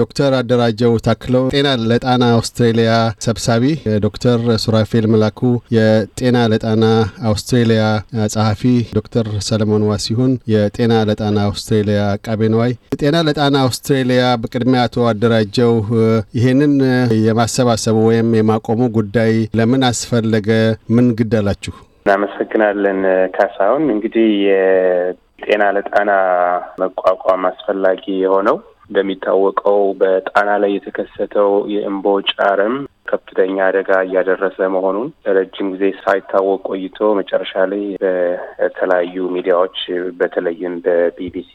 ዶክተር አደራጀው ታክለው ጤና ለጣና አውስትሬሊያ ሰብሳቢ፣ ዶክተር ሱራፌል መላኩ የጤና ለጣና አውስትሬሊያ ጸሐፊ፣ ዶክተር ሰለሞን ዋሲሁን የጤና ለጣና አውስትሬሊያ አቃቤ ጤና ለጣና አውስትሬሊያ በቅድሚያ አቶ አደራጀው ይሄንን የማሰባሰቡ ወይም የማቆሙ ጉዳይ ለምን አስፈለገ? ምን ግድ አላችሁ? እናመሰግናለን ካሳሁን። እንግዲህ የጤና ለጣና መቋቋም አስፈላጊ የሆነው እንደሚታወቀው በጣና ላይ የተከሰተው የእምቦጭ አረም ከፍተኛ አደጋ እያደረሰ መሆኑን ለረጅም ጊዜ ሳይታወቅ ቆይቶ መጨረሻ ላይ በተለያዩ ሚዲያዎች በተለይም በቢቢሲ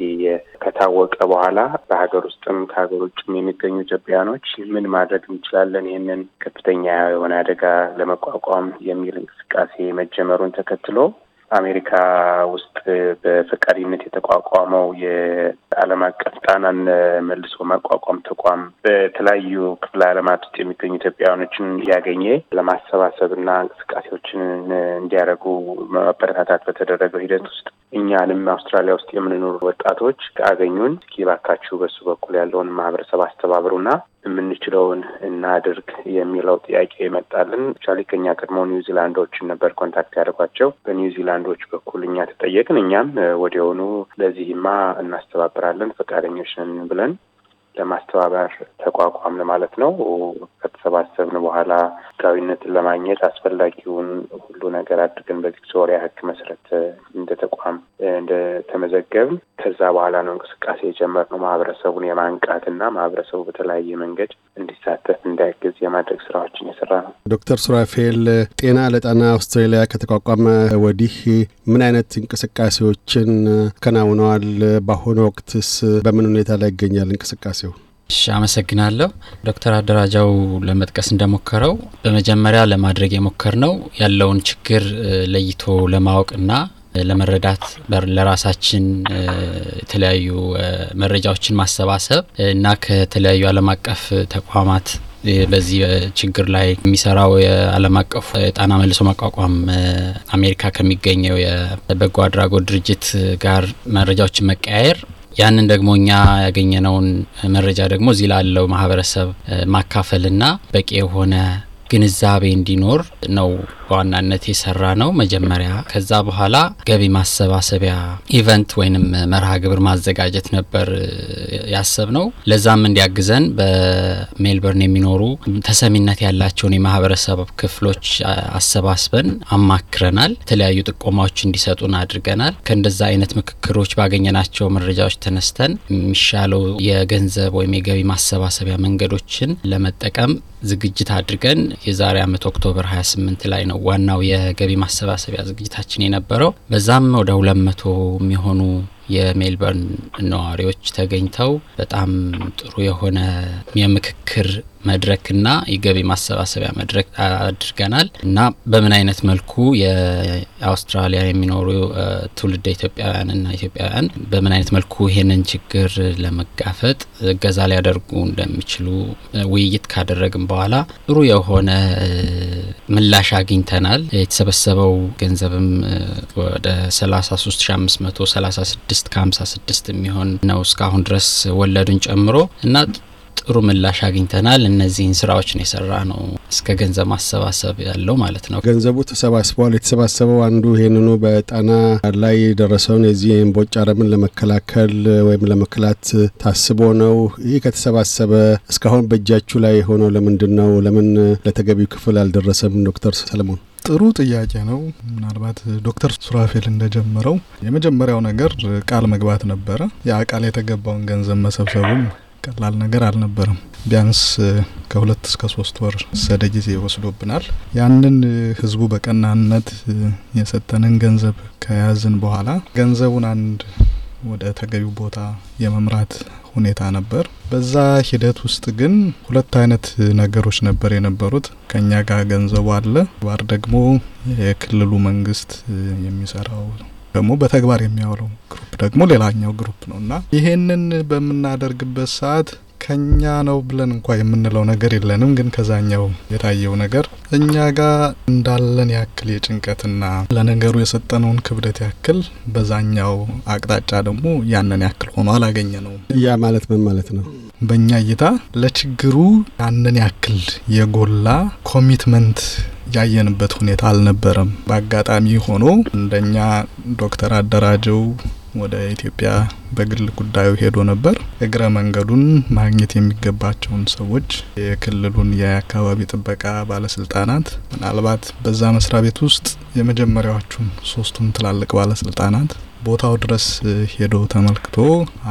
ከታወቀ በኋላ በሀገር ውስጥም ከሀገር ውጭም የሚገኙ ኢትዮጵያውያኖች ምን ማድረግ እንችላለን ይህንን ከፍተኛ የሆነ አደጋ ለመቋቋም የሚል እንቅስቃሴ መጀመሩን ተከትሎ አሜሪካ ውስጥ በፈቃደኝነት የተቋቋመው የዓለም አቀፍ ጣናን መልሶ ማቋቋም ተቋም በተለያዩ ክፍለ ዓለማት ውስጥ የሚገኙ ኢትዮጵያውያኖችን ያገኘ ለማሰባሰብና እንቅስቃሴዎችን እንዲያደርጉ መበረታታት በተደረገው ሂደት ውስጥ እኛንም አውስትራሊያ ውስጥ የምንኖሩ ወጣቶች አገኙን። እስኪ ባካችሁ በሱ በኩል ያለውን ማህበረሰብ አስተባብሩና የምንችለውን እናድርግ የሚለው ጥያቄ ይመጣልን። ቻሊ ከኛ ቀድሞ ኒውዚላንዶችን ነበር ኮንታክት ያደርጓቸው። በኒውዚላንዶች በኩል እኛ ተጠየቅን። እኛም ወዲያውኑ ለዚህማ እናስተባብራለን ፈቃደኞች ነን ብለን ለማስተባበር ተቋቋምን ማለት ነው። ከተሰባሰብን በኋላ ህጋዊነትን ለማግኘት አስፈላጊውን ሁሉ ነገር አድርገን በቪክቶሪያ ህግ መሰረት እንደ ተቋም እንደተመዘገብን ከዛ በኋላ ነው እንቅስቃሴ የጀመርነው ማህበረሰቡን የማንቃትና ማህበረሰቡ በተለያየ መንገድ እንዲሳተፍ እንዳያግዝ የማድረግ ስራዎችን የሰራ ነው። ዶክተር ሱራፌል ጤና ለጣና አውስትራሊያ ከተቋቋመ ወዲህ ምን አይነት እንቅስቃሴዎችን ከናውነዋል? በአሁኑ ወቅትስ በምን ሁኔታ ላይ ይገኛል እንቅስቃሴው? እሺ አመሰግናለሁ ዶክተር አደራጃው ለመጥቀስ እንደሞከረው በመጀመሪያ ለማድረግ የሞከር ነው። ያለውን ችግር ለይቶ ለማወቅና ለመረዳት ለራሳችን የተለያዩ መረጃዎችን ማሰባሰብ እና ከተለያዩ አለም አቀፍ ተቋማት በዚህ ችግር ላይ የሚሰራው የአለም አቀፉ የጣና መልሶ መቋቋም አሜሪካ ከሚገኘው የበጎ አድራጎት ድርጅት ጋር መረጃዎችን መቀያየር ያንን ደግሞ እኛ ያገኘነውን መረጃ ደግሞ እዚህ ላለው ማህበረሰብ ማካፈልና በቂ የሆነ ግንዛቤ እንዲኖር ነው በዋናነት የሰራ ነው መጀመሪያ። ከዛ በኋላ ገቢ ማሰባሰቢያ ኢቨንት ወይንም መርሃ ግብር ማዘጋጀት ነበር ያሰብ ነው። ለዛም እንዲያግዘን በሜልበርን የሚኖሩ ተሰሚነት ያላቸውን የማህበረሰብ ክፍሎች አሰባስበን አማክረናል። የተለያዩ ጥቆማዎች እንዲሰጡን አድርገናል። ከእንደዛ አይነት ምክክሮች ባገኘናቸው መረጃዎች ተነስተን የሚሻለው የገንዘብ ወይም የገቢ ማሰባሰቢያ መንገዶችን ለመጠቀም ዝግጅት አድርገን የዛሬ ዓመት ኦክቶበር 28 ላይ ነው ዋናው የገቢ ማሰባሰቢያ ዝግጅታችን የነበረው። በዛም ወደ ሁለት መቶ የሚሆኑ የሜልበርን ነዋሪዎች ተገኝተው በጣም ጥሩ የሆነ የምክክር መድረክና የገቢ ማሰባሰቢያ መድረክ አድርገናል እና በምን አይነት መልኩ የአውስትራሊያ የሚኖሩ ትውልደ ኢትዮጵያውያንና ኢትዮጵያውያን በምን አይነት መልኩ ይህንን ችግር ለመጋፈጥ እገዛ ሊያደርጉ እንደሚችሉ ውይይት ካደረግን በኋላ ጥሩ የሆነ ምላሽ አግኝተናል። የተሰበሰበው ገንዘብም ወደ 33536 ከ56 የሚሆን ነው እስካሁን ድረስ ወለዱን ጨምሮ እና ጥሩ ምላሽ አግኝተናል። እነዚህን ስራዎች ነው የሰራ ነው እስከ ገንዘብ ማሰባሰብ ያለው ማለት ነው። ገንዘቡ ተሰባስበዋል። የተሰባሰበው አንዱ ይህንኑ በጣና ላይ የደረሰውን የዚህ እምቦጭ አረምን ለመከላከል ወይም ለመክላት ታስቦ ነው። ይህ ከተሰባሰበ እስካሁን በእጃችሁ ላይ የሆነው ለምንድን ነው? ለምን ለተገቢው ክፍል አልደረሰም? ዶክተር ሰለሞን ጥሩ ጥያቄ ነው። ምናልባት ዶክተር ሱራፌል እንደጀመረው የመጀመሪያው ነገር ቃል መግባት ነበረ። ያ ቃል የተገባውን ገንዘብ መሰብሰቡም ቀላል ነገር አልነበረም። ቢያንስ ከሁለት እስከ ሶስት ወር ሰደ ጊዜ ወስዶብናል። ያንን ህዝቡ በቀናነት የሰጠንን ገንዘብ ከያዝን በኋላ ገንዘቡን አንድ ወደ ተገቢው ቦታ የመምራት ሁኔታ ነበር። በዛ ሂደት ውስጥ ግን ሁለት አይነት ነገሮች ነበር የነበሩት። ከኛ ጋር ገንዘቡ አለ፣ ባር ደግሞ የክልሉ መንግስት የሚሰራው ደግሞ በተግባር የሚያውለው ግሩፕ ደግሞ ሌላኛው ግሩፕ ነው እና ይሄንን በምናደርግበት ሰዓት ከኛ ነው ብለን እንኳ የምንለው ነገር የለንም። ግን ከዛኛው የታየው ነገር እኛ ጋር እንዳለን ያክል የጭንቀትና ለነገሩ የሰጠነውን ክብደት ያክል በዛኛው አቅጣጫ ደግሞ ያንን ያክል ሆኖ አላገኘ ነው። ያ ማለት ምን ማለት ነው? በእኛ እይታ ለችግሩ ያንን ያክል የጎላ ኮሚትመንት ያየንበት ሁኔታ አልነበረም። በአጋጣሚ ሆኖ እንደኛ ዶክተር አደራጀው ወደ ኢትዮጵያ በግል ጉዳዩ ሄዶ ነበር። እግረ መንገዱን ማግኘት የሚገባቸውን ሰዎች፣ የክልሉን የአካባቢ ጥበቃ ባለስልጣናት፣ ምናልባት በዛ መስሪያ ቤት ውስጥ የመጀመሪያዎቹን ሶስቱን ትላልቅ ባለስልጣናት ቦታው ድረስ ሄዶ ተመልክቶ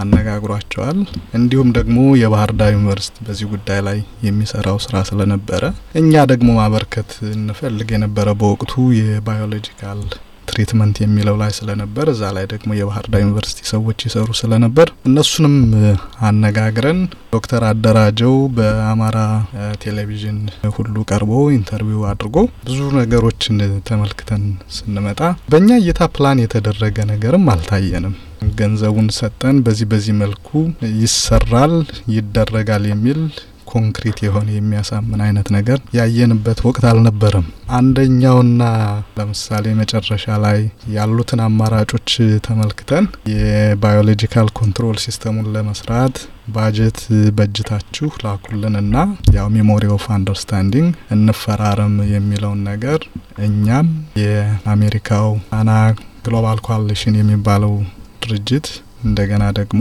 አነጋግሯቸዋል። እንዲሁም ደግሞ የባህር ዳር ዩኒቨርሲቲ በዚህ ጉዳይ ላይ የሚሰራው ስራ ስለነበረ እኛ ደግሞ ማበርከት እንፈልግ የነበረ በወቅቱ የባዮሎጂካል ትሪትመንት የሚለው ላይ ስለነበር እዛ ላይ ደግሞ የባህር ዳር ዩኒቨርሲቲ ሰዎች ይሰሩ ስለነበር እነሱንም አነጋግረን ዶክተር አደራጀው በአማራ ቴሌቪዥን ሁሉ ቀርቦ ኢንተርቪው አድርጎ ብዙ ነገሮችን ተመልክተን ስንመጣ በእኛ እይታ ፕላን የተደረገ ነገርም አልታየንም። ገንዘቡን ሰጠን፣ በዚህ በዚህ መልኩ ይሰራል ይደረጋል የሚል ኮንክሪት የሆነ የሚያሳምን አይነት ነገር ያየንበት ወቅት አልነበረም። አንደኛውና ለምሳሌ መጨረሻ ላይ ያሉትን አማራጮች ተመልክተን የባዮሎጂካል ኮንትሮል ሲስተሙን ለመስራት ባጀት በጅታችሁ ላኩልን እና ያው ሜሞሪ ኦፍ አንደርስታንዲንግ እንፈራረም የሚለውን ነገር እኛም የአሜሪካው አና ግሎባል ኮሊሽን የሚባለው ድርጅት እንደገና ደግሞ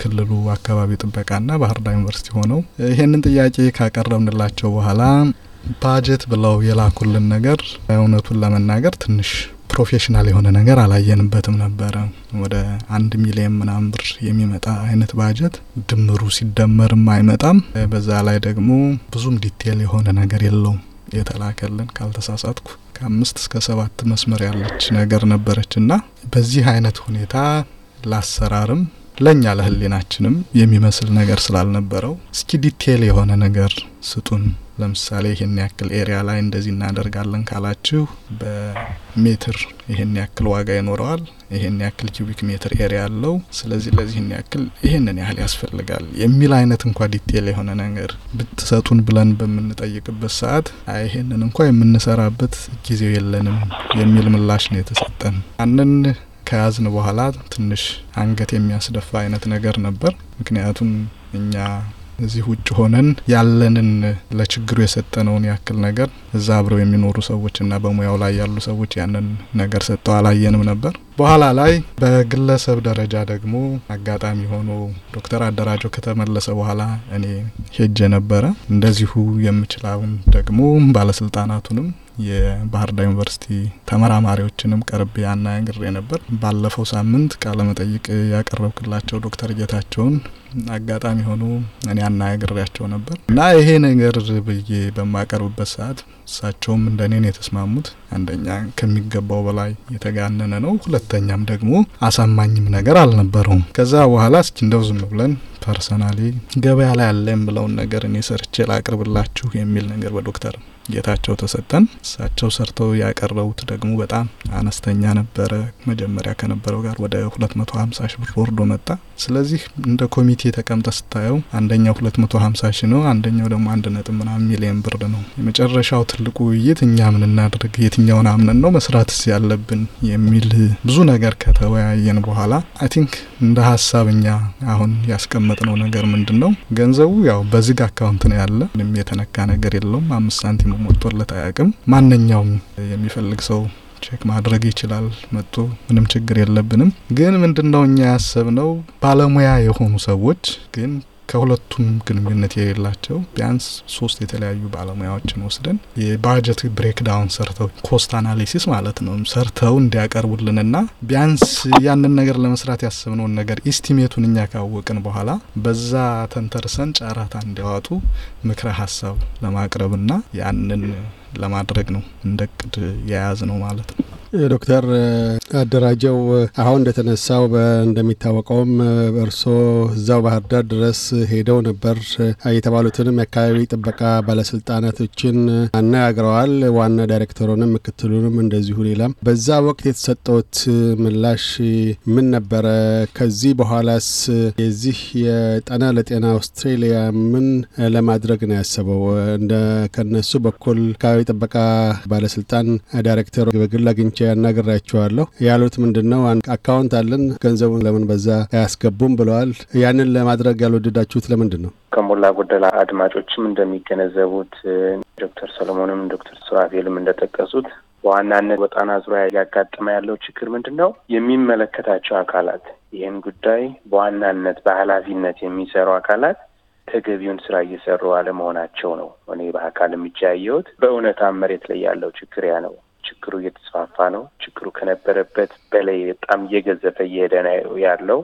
ክልሉ አካባቢ ጥበቃና ባህር ዳር ዩኒቨርሲቲ ሆነው ይህንን ጥያቄ ካቀረብንላቸው በኋላ ባጀት ብለው የላኩልን ነገር እውነቱን ለመናገር ትንሽ ፕሮፌሽናል የሆነ ነገር አላየንበትም ነበረ። ወደ አንድ ሚሊየን ምናምን ብር የሚመጣ አይነት ባጀት ድምሩ ሲደመርም አይመጣም። በዛ ላይ ደግሞ ብዙም ዲቴል የሆነ ነገር የለውም የተላከልን ካልተሳሳትኩ ከአምስት እስከ ሰባት መስመር ያለች ነገር ነበረች እና በዚህ አይነት ሁኔታ ለአሰራርም ለእኛ ለህሊናችንም የሚመስል ነገር ስላልነበረው እስኪ ዲቴል የሆነ ነገር ስጡን። ለምሳሌ ይህን ያክል ኤሪያ ላይ እንደዚህ እናደርጋለን ካላችሁ በሜትር ይህን ያክል ዋጋ ይኖረዋል፣ ይህን ያክል ኪዩቢክ ሜትር ኤሪያ አለው፣ ስለዚህ ለዚህን ያክል ይህንን ያህል ያስፈልጋል የሚል አይነት እንኳ ዲቴል የሆነ ነገር ብትሰጡን ብለን በምንጠይቅበት ሰዓት ይህንን እንኳ የምንሰራበት ጊዜው የለንም የሚል ምላሽ ነው የተሰጠን። ከያዝን በኋላ ትንሽ አንገት የሚያስደፋ አይነት ነገር ነበር። ምክንያቱም እኛ እዚህ ውጭ ሆነን ያለንን ለችግሩ የሰጠነውን ያክል ነገር እዛ አብረው የሚኖሩ ሰዎችና በሙያው ላይ ያሉ ሰዎች ያንን ነገር ሰጠው አላየንም ነበር። በኋላ ላይ በግለሰብ ደረጃ ደግሞ አጋጣሚ ሆኖ ዶክተር አደራጀው ከተመለሰ በኋላ እኔ ሄጄ ነበረ። እንደዚሁ የምችላውን ደግሞ ባለስልጣናቱንም የባህር ዳር ዩኒቨርሲቲ ተመራማሪዎችንም ቀርቤ አናግሬ ነበር። ባለፈው ሳምንት ቃለመጠይቅ ያቀረብክላቸው ዶክተር ጌታቸውን አጋጣሚ ሆኖ እኔ አናግሬያቸው ነበር እና ይሄ ነገር ብዬ በማቀርብበት ሰዓት እሳቸውም እንደኔን የተስማሙት አንደኛ ከሚገባው በላይ የተጋነነ ነው፣ ሁለተኛም ደግሞ አሳማኝም ነገር አልነበረውም። ከዛ በኋላ እስኪ እንደው ዝም ብለን ፐርሰናሊ ገበያ ላይ አለ የምለውን ነገር እኔ ሰርቼ ላቅርብላችሁ የሚል ነገር በዶክተር ጌታቸው ተሰጠን። እሳቸው ሰርተው ያቀረቡት ደግሞ በጣም አነስተኛ ነበረ። መጀመሪያ ከነበረው ጋር ወደ ሀምሳ ሺ ብር ወርዶ መጣ። ስለዚህ እንደ ኮሚቴ ተቀምጠ ስታየው አንደኛው ሀምሳ ሺ ነው፣ አንደኛው ደግሞ አንድ ነጥብ ምናምን ሚሊየን ብር ነው። የመጨረሻው ትልቁ ውይይት እኛ ምን እናድርግ፣ የትኛውን አምነን ነው መስራትስ ያለብን የሚል ብዙ ነገር ከተወያየን በኋላ አይ ቲንክ እንደ ሀሳብ እኛ አሁን ያስቀመጥነው ነገር ምንድን ነው ገንዘቡ ያው በዝግ አካውንት ነው ያለ፣ ምንም የተነካ ነገር የለውም አምስት ሳንቲም ፕሮግራም ወጥቶለት አያቅም ማንኛውም የሚፈልግ ሰው ቼክ ማድረግ ይችላል። መጡ ምንም ችግር የለብንም። ግን ምንድነው እኛ ያሰብነው ባለሙያ የሆኑ ሰዎች ግን ከሁለቱም ግንኙነት የሌላቸው ቢያንስ ሶስት የተለያዩ ባለሙያዎችን ወስደን የባጀት ብሬክዳውን ሰርተው ኮስት አናሊሲስ ማለት ነው ሰርተው እንዲያቀርቡልንና ቢያንስ ያንን ነገር ለመስራት ያስብነውን ነገር ኢስቲሜቱን እኛ ካወቅን በኋላ በዛ ተንተርሰን ጨረታ እንዲያወጡ ምክረ ሀሳብ ለማቅረብና ያንን ለማድረግ ነው እንደ የያዝ ነው ማለት ነው። ዶክተር አደራጀው አሁን እንደተነሳው እንደሚታወቀውም እርሶ እዛው ባህር ዳር ድረስ ሄደው ነበር። የተባሉትንም የአካባቢ ጥበቃ ባለስልጣናቶችን አነጋግረዋል። ዋና ዳይሬክተሩንም ምክትሉንም እንደዚሁ። ሌላም በዛ ወቅት የተሰጠውት ምላሽ ምን ነበረ? ከዚህ በኋላስ የዚህ የጠና ለጤና አውስትሬሊያ ምን ለማድረግ ነው ያሰበው? እንደ ከነሱ በኩል አካባቢ ጥበቃ ባለስልጣን ዳይሬክተሩ በግል ሰዎች ያናገራቸዋለሁ ያሉት ምንድን ነው? አካውንት አለን ገንዘቡን ለምን በዛ አያስገቡም ብለዋል። ያንን ለማድረግ ያልወደዳችሁት ለምንድን ነው? ከሞላ ጎደላ አድማጮችም እንደሚገነዘቡት ዶክተር ሰለሞንም ዶክተር ሱራፌልም እንደጠቀሱት በዋናነት በጣና ዙሪያ እያጋጠመ ያለው ችግር ምንድን ነው? የሚመለከታቸው አካላት ይህን ጉዳይ በዋናነት በሀላፊነት የሚሰሩ አካላት ተገቢውን ስራ እየሰሩ አለመሆናቸው ነው። እኔ በአካል የሚጃየውት በእውነታ መሬት ላይ ያለው ችግር ያ ነው። ችግሩ እየተስፋፋ ነው። ችግሩ ከነበረበት በላይ በጣም እየገዘፈ እየሄደ ነው ያለው።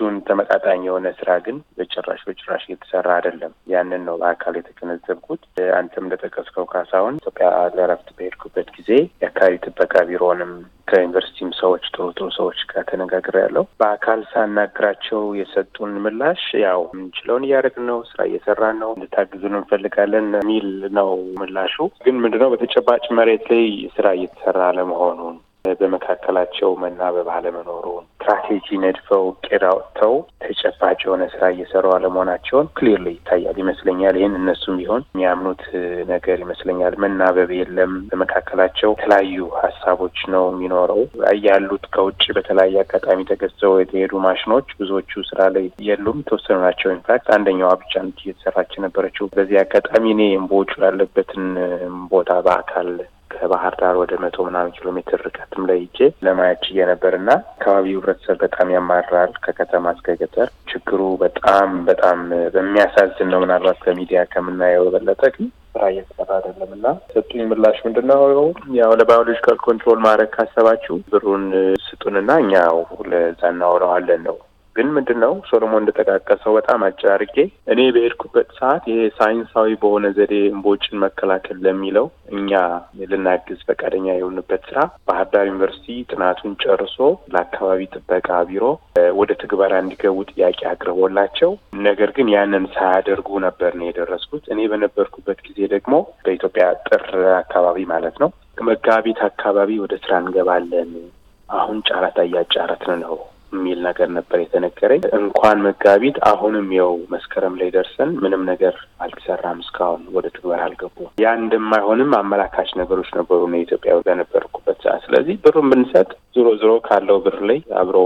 እሱን ተመጣጣኝ የሆነ ስራ ግን በጭራሽ በጭራሽ እየተሰራ አይደለም። ያንን ነው በአካል የተገነዘብኩት። አንተም እንደጠቀስከው ካሳሁን ኢትዮጵያ ለእረፍት በሄድኩበት ጊዜ የአካባቢ ጥበቃ ቢሮንም ከዩኒቨርሲቲም ሰዎች ጥሩ ጥሩ ሰዎች ጋር ያለው በአካል ሳናግራቸው የሰጡን ምላሽ ያው የምንችለውን እያደረግን ነው፣ ስራ እየሰራን ነው፣ እንድታግዙን እንፈልጋለን የሚል ነው ምላሹ። ግን ምንድነው በተጨባጭ መሬት ላይ ስራ እየተሰራ አለመሆኑን በመካከላቸው መናበብ አለመኖሩን ስትራቴጂ ነድፈው ቅድ አውጥተው ተጨባጭ የሆነ ስራ እየሰሩ አለመሆናቸውን ክሊርሊ ይታያል ይመስለኛል። ይህን እነሱም ቢሆን የሚያምኑት ነገር ይመስለኛል። መናበብ የለም በመካከላቸው የተለያዩ ሀሳቦች ነው የሚኖረው። ያሉት ከውጭ በተለያየ አጋጣሚ ተገዝተው የተሄዱ ማሽኖች ብዙዎቹ ስራ ላይ የሉም፣ የተወሰኑ ናቸው። ኢንፋክት አንደኛዋ ብቻ እየተሰራች የነበረችው። በዚህ አጋጣሚ እኔ እምቦጩ ያለበትን ቦታ በአካል ከባህር ዳር ወደ መቶ ምናምን ኪሎ ሜትር ርቀትም ለይቼ ለማየት ችዬ ነበር እና አካባቢው ህብረተሰብ በጣም ያማራል። ከከተማ እስከ ገጠር ችግሩ በጣም በጣም በሚያሳዝን ነው። ምናልባት ከሚዲያ ከምናየው የበለጠ ግን ስራ እየተሰራ አይደለም እና ሰጡኝ ምላሽ ምንድነው? ያው ለባዮሎጂካል ኮንትሮል ማድረግ ካሰባችሁ ብሩን ስጡንና እኛው ለዛ እናውለዋለን ነው ግን ምንድን ነው ሶሎሞን እንደጠቃቀሰው በጣም አጭር እኔ በሄድኩበት ሰዓት ይሄ ሳይንሳዊ በሆነ ዘዴ እንቦጭን መከላከል ለሚለው እኛ ልናግዝ ፈቃደኛ የሆንበት ስራ ባህር ዳር ዩኒቨርሲቲ ጥናቱን ጨርሶ ለአካባቢ ጥበቃ ቢሮ ወደ ትግበራ እንዲገቡ ጥያቄ አቅርቦላቸው ነገር ግን ያንን ሳያደርጉ ነበር ነው የደረስኩት። እኔ በነበርኩበት ጊዜ ደግሞ በኢትዮጵያ ጥር አካባቢ ማለት ነው መጋቢት አካባቢ ወደ ስራ እንገባለን አሁን ጫረታ እያጫረትን ነው የሚል ነገር ነበር የተነገረኝ። እንኳን መጋቢት አሁንም ያው መስከረም ላይ ደርሰን ምንም ነገር አልተሰራም፣ እስካሁን ወደ ትግበር አልገቡም። ያ እንደማይሆንም አመላካች ነገሮች ነበሩ ኢትዮጵያ በነበርኩበት ሰዓት። ስለዚህ ብሩን ብንሰጥ ዞሮ ዞሮ ካለው ብር ላይ አብሮ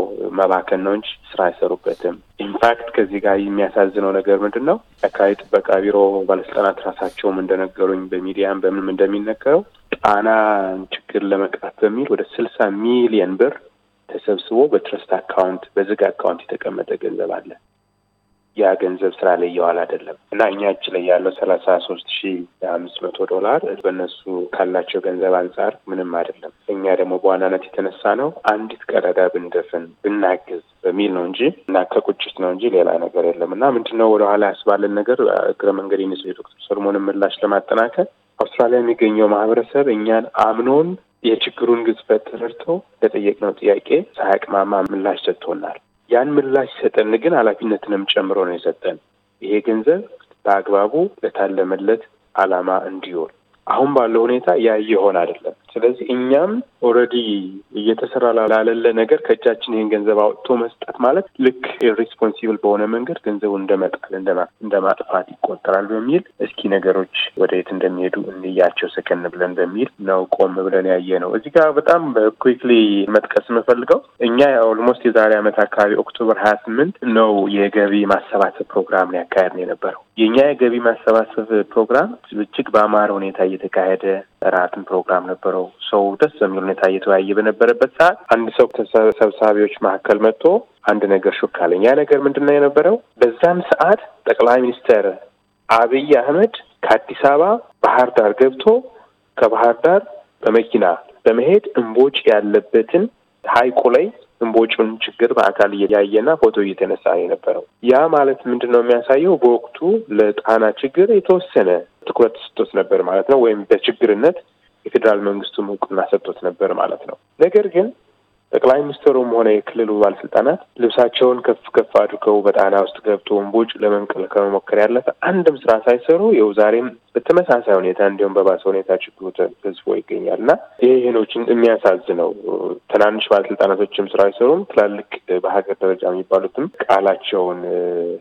መባከን ነው እንጂ ስራ አይሰሩበትም። ኢንፋክት ከዚህ ጋር የሚያሳዝነው ነገር ምንድን ነው? አካባቢ ጥበቃ ቢሮ ባለስልጣናት ራሳቸውም እንደነገሩኝ በሚዲያም በምንም እንደሚነገረው ጣና ችግር ለመቅጣት በሚል ወደ ስልሳ ሚሊየን ብር ተሰብስቦ በትረስት አካውንት በዝግ አካውንት የተቀመጠ ገንዘብ አለ። ያ ገንዘብ ስራ ላይ እየዋል አይደለም እና እኛ እጅ ላይ ያለው ሰላሳ ሶስት ሺ አምስት መቶ ዶላር በእነሱ ካላቸው ገንዘብ አንጻር ምንም አይደለም። እኛ ደግሞ በዋናነት የተነሳ ነው አንዲት ቀረዳ ብንደፍን ብናግዝ በሚል ነው እንጂ እና ከቁጭት ነው እንጂ ሌላ ነገር የለም እና ምንድን ነው ወደኋላ ያስባለን ነገር እግረ መንገድ የዶክተር ሰለሞንን ምላሽ ለማጠናከር አውስትራሊያ የሚገኘው ማህበረሰብ እኛን አምኖን የችግሩን ግዝፈት ተረድተው ለጠየቅነው ጥያቄ ሳያቅማማ ምላሽ ሰጥቶናል። ያን ምላሽ ሲሰጠን ግን ኃላፊነትንም ጨምሮ ነው የሰጠን። ይሄ ገንዘብ በአግባቡ ለታለመለት ዓላማ እንዲውል አሁን ባለው ሁኔታ ያ ይሆን አይደለም። ስለዚህ እኛም ኦልሬዲ እየተሰራ ላለለ ነገር ከእጃችን ይህን ገንዘብ አውጥቶ መስጠት ማለት ልክ ሪስፖንሲብል በሆነ መንገድ ገንዘቡን እንደመጣል እንደማጥፋት ይቆጠራል በሚል እስኪ ነገሮች የት እንደሚሄዱ እንያቸው ሰከን ብለን በሚል ነው ቆም ብለን ያየ ነው። እዚህ ጋር በጣም ኩክሊ መጥቀስ የምፈልገው እኛ ኦልሞስት የዛሬ ዓመት አካባቢ ኦክቶበር ሀያ ስምንት ነው የገቢ ማሰባሰብ ፕሮግራም ያካሄድ ነው የነበረው። የእኛ የገቢ ማሰባሰብ ፕሮግራም እጅግ በአማረ ሁኔታ እየተካሄደ ራትን ፕሮግራም ነበረው። ነው። ሰው ደስ በሚል ሁኔታ እየተወያየ በነበረበት ሰዓት አንድ ሰው ከሰብሳቢዎች መካከል መጥቶ አንድ ነገር ሹክ ያ ነገር ምንድን ነው የነበረው? በዛም ሰዓት ጠቅላይ ሚኒስትር አብይ አህመድ ከአዲስ አበባ ባህር ዳር ገብቶ ከባህር ዳር በመኪና በመሄድ እምቦጭ ያለበትን ሀይቁ ላይ እምቦጩን ችግር በአካል እያየና ፎቶ እየተነሳ የነበረው ያ ማለት ምንድን ነው የሚያሳየው? በወቅቱ ለጣና ችግር የተወሰነ ትኩረት ስቶት ነበር ማለት ነው። ወይም በችግርነት የፌዴራል መንግስቱም እውቅና ሰጥቶት ነበር ማለት ነው። ነገር ግን ጠቅላይ ሚኒስትሩም ሆነ የክልሉ ባለስልጣናት ልብሳቸውን ከፍ ከፍ አድርገው በጣና ውስጥ ገብቶ እምቦጭ ለመንቀል ከመሞከር ያለፈ አንድም ስራ ሳይሰሩ ይኸው ዛሬም በተመሳሳይ ሁኔታ እንዲሁም በባሰ ሁኔታ ችግሩ ተዝቦ ይገኛል እና ይህ ይህኖችን የሚያሳዝነው ትናንሽ ባለስልጣናቶችም ስራ አይሰሩም። ትላልቅ በሀገር ደረጃ የሚባሉትም ቃላቸውን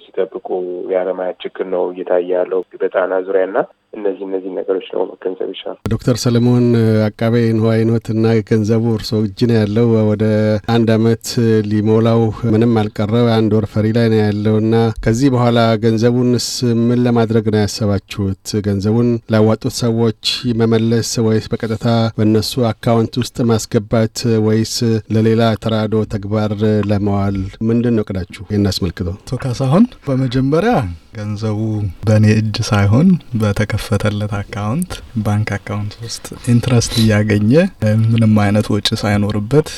ሲጠብቁ ያለማየት ችግር ነው እየታየ ያለው በጣና ዙሪያ እና እነዚህ እነዚህ ነገሮች ነው መገንዘብ ይችላል። ዶክተር ሰለሞን አቃቤ ንዋይኖት እና ገንዘቡ እርስዎ እጅ ነው ያለው። ወደ አንድ አመት ሊሞላው ምንም አልቀረው አንድ ወር ፈሪ ላይ ነው ያለው እና ከዚህ በኋላ ገንዘቡንስ ምን ለማድረግ ነው ያሰባችሁት? ገንዘቡን ላዋጡት ሰዎች መመለስ ወይስ በቀጥታ በእነሱ አካውንት ውስጥ ማስገባት ወይስ ለሌላ ተራዶ ተግባር ለመዋል ምንድን ነው እቅዳችሁ? ይህን አስመልክተው ቶካሳሁን በመጀመሪያ ገንዘቡ በእኔ እጅ ሳይሆን በተከፍ በተከፈተለት አካውንት ባንክ አካውንት ውስጥ ኢንትረስት እያገኘ ምንም አይነት ወጪ ሳይኖርበት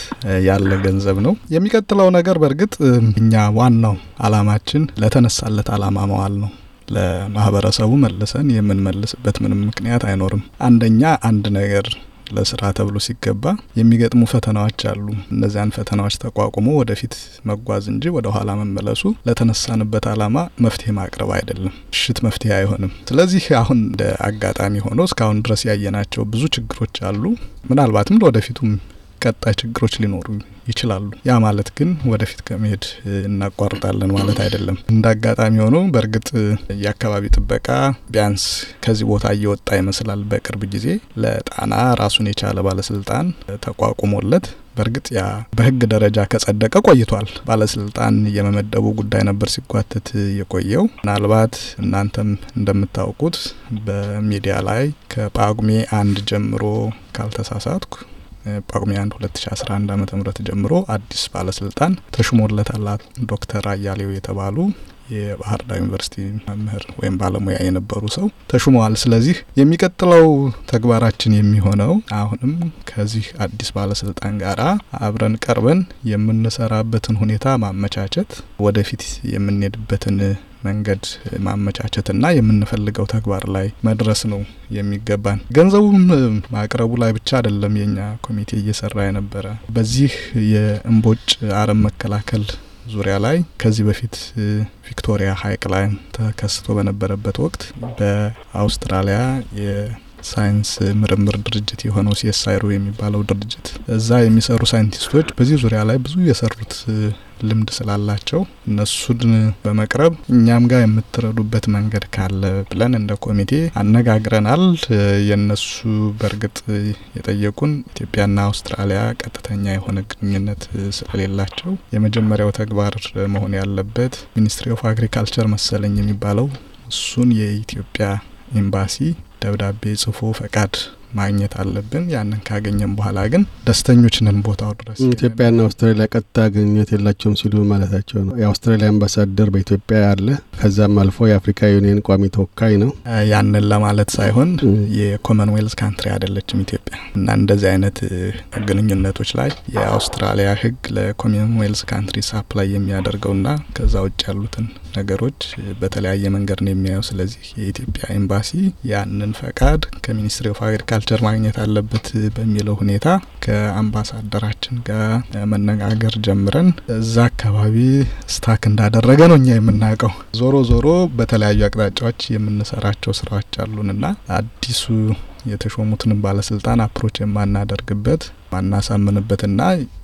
ያለ ገንዘብ ነው። የሚቀጥለው ነገር በእርግጥ እኛ ዋናው አላማችን ለተነሳለት አላማ መዋል ነው። ለማህበረሰቡ መልሰን የምንመልስበት ምንም ምክንያት አይኖርም። አንደኛ አንድ ነገር ለስራ ተብሎ ሲገባ የሚገጥሙ ፈተናዎች አሉ። እነዚያን ፈተናዎች ተቋቁሞ ወደፊት መጓዝ እንጂ ወደ ኋላ መመለሱ ለተነሳንበት አላማ መፍትሄ ማቅረብ አይደለም፣ ሽት መፍትሄ አይሆንም። ስለዚህ አሁን እንደ አጋጣሚ ሆኖ እስካሁን ድረስ ያየናቸው ብዙ ችግሮች አሉ። ምናልባትም ለወደፊቱም ቀጣይ ችግሮች ሊኖሩ ይችላሉ። ያ ማለት ግን ወደፊት ከመሄድ እናቋርጣለን ማለት አይደለም። እንደ አጋጣሚ ሆኖ በእርግጥ የአካባቢ ጥበቃ ቢያንስ ከዚህ ቦታ እየወጣ ይመስላል። በቅርብ ጊዜ ለጣና ራሱን የቻለ ባለስልጣን ተቋቁሞለት በእርግጥ ያ በህግ ደረጃ ከጸደቀ ቆይቷል። ባለስልጣን የመመደቡ ጉዳይ ነበር ሲጓተት የቆየው። ምናልባት እናንተም እንደምታውቁት በሚዲያ ላይ ከጳጉሜ አንድ ጀምሮ ካልተሳሳትኩ ጳጉሜ 2011 ዓ ም ጀምሮ አዲስ ባለስልጣን ተሹሞለታላት ዶክተር አያሌው የተባሉ የባህር ዳር ዩኒቨርሲቲ መምህር ወይም ባለሙያ የነበሩ ሰው ተሹመዋል። ስለዚህ የሚቀጥለው ተግባራችን የሚሆነው አሁንም ከዚህ አዲስ ባለስልጣን ጋር አብረን ቀርበን የምንሰራበትን ሁኔታ ማመቻቸት፣ ወደፊት የምንሄድበትን መንገድ ማመቻቸትና የምንፈልገው ተግባር ላይ መድረስ ነው የሚገባን። ገንዘቡም ማቅረቡ ላይ ብቻ አይደለም የኛ ኮሚቴ እየሰራ የነበረ በዚህ የእምቦጭ አረም መከላከል ዙሪያ ላይ ከዚህ በፊት ቪክቶሪያ ሀይቅ ላይ ተከስቶ በነበረበት ወቅት በአውስትራሊያ ሳይንስ ምርምር ድርጅት የሆነው ሲኤስአይሮ የሚባለው ድርጅት እዛ የሚሰሩ ሳይንቲስቶች በዚህ ዙሪያ ላይ ብዙ የሰሩት ልምድ ስላላቸው እነሱን በመቅረብ እኛም ጋር የምትረዱበት መንገድ ካለ ብለን እንደ ኮሚቴ አነጋግረናል። የነሱ በእርግጥ የጠየቁን ኢትዮጵያና አውስትራሊያ ቀጥተኛ የሆነ ግንኙነት ስለሌላቸው የመጀመሪያው ተግባር መሆን ያለበት ሚኒስትሪ ኦፍ አግሪካልቸር መሰለኝ የሚባለው እሱን የኢትዮጵያ ኤምባሲ ደብዳቤ ጽፎ ፈቃድ ማግኘት አለብን ያንን ካገኘም በኋላ ግን ደስተኞች ነን ቦታው ድረስ። ኢትዮጵያና አውስትራሊያ ቀጥታ ግንኙነት የላቸውም ሲሉ ማለታቸው ነው። የአውስትራሊያ አምባሳደር በኢትዮጵያ አለ፣ ከዛም አልፎ የአፍሪካ ዩኒየን ቋሚ ተወካይ ነው። ያንን ለማለት ሳይሆን የኮመንዌልስ ካንትሪ አይደለችም ኢትዮጵያ እና እንደዚህ አይነት ግንኙነቶች ላይ የአውስትራሊያ ሕግ ለኮመንዌልስ ካንትሪ ሳፕ ላይ የሚያደርገውና ከዛ ውጭ ያሉትን ነገሮች በተለያየ መንገድ ነው የሚያየው። ስለዚህ የኢትዮጵያ ኤምባሲ ያንን ፈቃድ ከሚኒስትሪ ኦፍ አግሪካል ካልቸር ማግኘት አለበት በሚለው ሁኔታ ከአምባሳደራችን ጋር መነጋገር ጀምረን እዛ አካባቢ ስታክ እንዳደረገ ነው እኛ የምናውቀው። ዞሮ ዞሮ በተለያዩ አቅጣጫዎች የምንሰራቸው ስራዎች አሉንና አዲሱ የተሾሙትንም ባለስልጣን አፕሮች የማናደርግበት ማናሳምንበትና